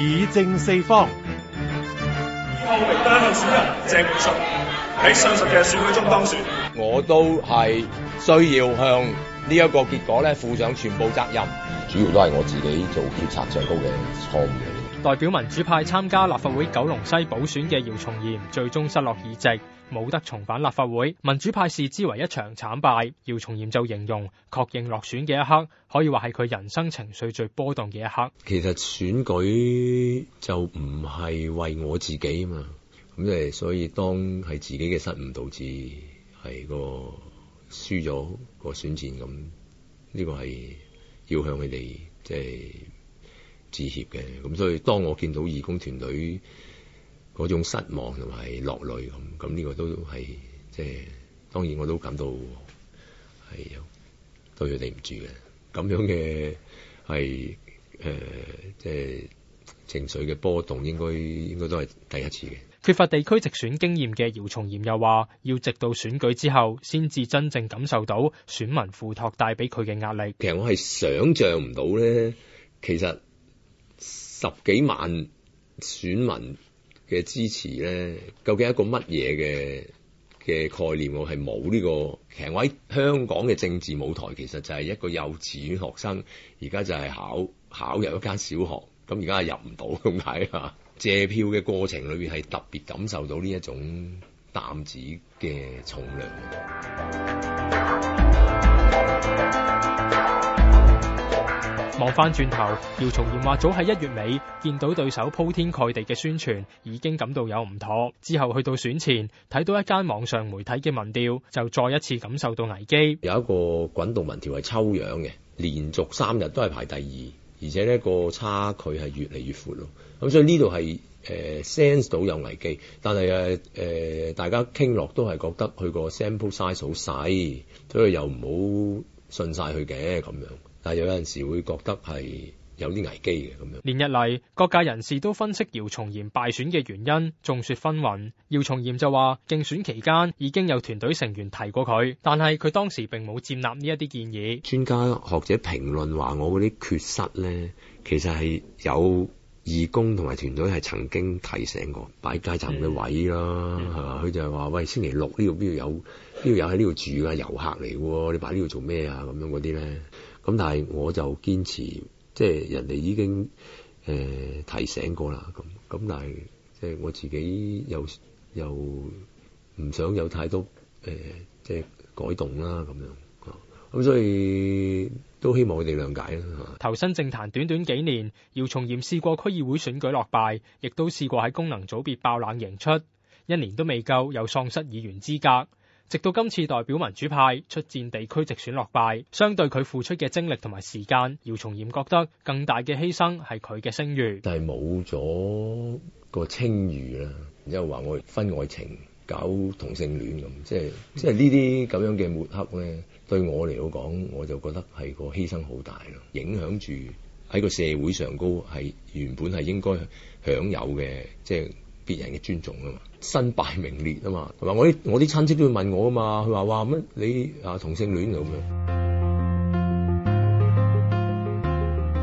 議政四方。而後嚟，第一候選人鄭泳舜喺上集嘅選舉中當選。我都係需要向呢一個結果咧負上全部責任。主要都係我自己做決策上高嘅錯誤。代表民主派參加立法會九龍西補選嘅姚松炎最終失落議席，冇得重返立法會，民主派視之為一場慘敗。姚松炎就形容，確認落選嘅一刻，可以話係佢人生情緒最波動嘅一刻。其實選舉就唔係為我自己嘛，咁即係所以當係自己嘅失誤導致係個輸咗個選戰咁，呢個係要向佢哋即係。就是致歉嘅咁，所以當我見到義工團隊嗰種失望同埋落淚咁，咁呢個都係即係，當然我都感到係有對佢哋唔住嘅咁樣嘅係誒，即係情緒嘅波動應，應該應該都係第一次嘅。缺乏地區直選經驗嘅姚松炎又話，要直到選舉之後，先至真正感受到選民附託帶俾佢嘅壓力。其實我係想象唔到咧，其實。十幾萬選民嘅支持咧，究竟一個乜嘢嘅嘅概念？我係冇呢個。其實我喺香港嘅政治舞台，其實就係一個幼稚園學生，而家就係考考入一間小學，咁而家係入唔到。咁睇下借票嘅過程裏邊係特別感受到呢一種擔子嘅重量。望翻轉頭，姚松炎話，早喺一月尾見到對手鋪天蓋地嘅宣傳，已經感到有唔妥。之後去到選前，睇到一間網上媒體嘅民調，就再一次感受到危機。有一個滾動民調係抽樣嘅，連續三日都係排第二，而且呢個差距係越嚟越闊咯。咁所以呢度係誒 sense 到有危機，但係誒誒大家傾落都係覺得佢個 sample size 好細，所以又唔好信晒佢嘅咁樣。但係有有陣時會覺得係有啲危機嘅咁樣。連日嚟各界人士都分析姚松炎敗選嘅原因，眾説紛紜。姚松炎就話競選期間已經有團隊成員提過佢，但係佢當時並冇接納呢一啲建議。專家學者評論話我嗰啲缺失咧，其實係有義工同埋團隊係曾經提醒我擺街站嘅位啦。係佢、嗯啊、就係話喂，星期六呢度邊度有邊度有喺呢度住嘅遊客嚟嘅，你擺呢度做咩啊？咁樣嗰啲咧。咁但係我就堅持，即係人哋已經誒、呃、提醒過啦，咁咁但係即係我自己又又唔想有太多誒、呃、即係改動啦咁樣，咁所以都希望你哋諒解啦。投身政壇短，短短幾年，姚松炎試過區議會選舉落敗，亦都試過喺功能組別爆冷贏出，一年都未夠有喪失議員資格。直到今次代表民主派出戰地區直選落敗，相對佢付出嘅精力同埋時間，姚松炎覺得更大嘅犧牲係佢嘅聲譽，但係冇咗個清譽啦。然之後話我分愛情、搞同性戀咁，即係即係呢啲咁樣嘅抹黑咧，對我嚟到講，我就覺得係個犧牲好大咯，影響住喺個社會上高，係原本係應該享有嘅，即係。別人嘅尊重啊嘛，身敗名裂啊嘛，同埋我啲我啲親戚都會問我啊嘛，佢話話乜你啊同性戀咁樣。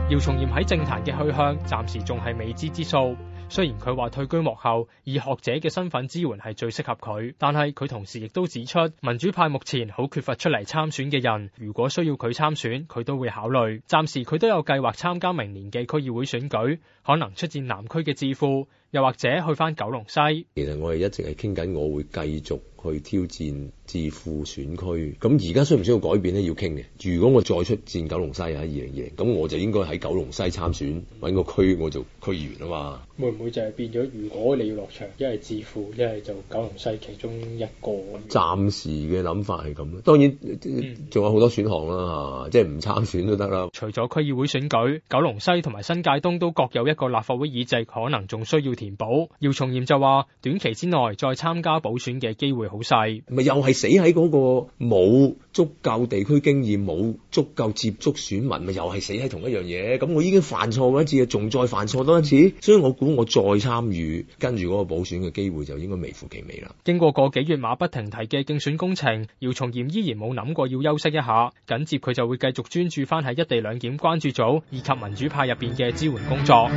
姚松炎喺政壇嘅去向暫時仲係未知之數，雖然佢話退居幕後，以學者嘅身份支援係最適合佢，但係佢同時亦都指出，民主派目前好缺乏，出嚟參選嘅人。如果需要佢參選，佢都會考慮，暫時佢都有計劃參加明年嘅區議會選舉，可能出戰南區嘅置富。又或者去翻九龍西，其實我哋一直係傾緊，我會繼續去挑戰自負選區。咁而家需唔需要改變呢？要傾嘅。如果我再出戰九龍西喺二零二零，咁我就應該喺九龍西參選，揾個區我做區議員啊嘛。會唔會就係變咗？如果你要落場，一係自負，一係就九龍西其中一個。暫時嘅諗法係咁，當然仲、呃嗯、有好多選項啦，即係唔參選都得啦。除咗區議會選舉，九龍西同埋新界東都各有一個立法會議席，可能仲需要。填補姚松炎就話：短期之內再參加補選嘅機會好細，咪又係死喺嗰個冇足夠地區經驗、冇足夠接觸選民，咪又係死喺同一樣嘢。咁我已經犯錯一次，仲再犯錯多一次，所以我估我再參與跟住嗰個補選嘅機會就應該微乎其微啦。經過個幾月馬不停蹄嘅競選工程，姚松炎依然冇諗過要休息一下，緊接佢就會繼續專注返喺一地兩檢關注組以及民主派入面嘅支援工作。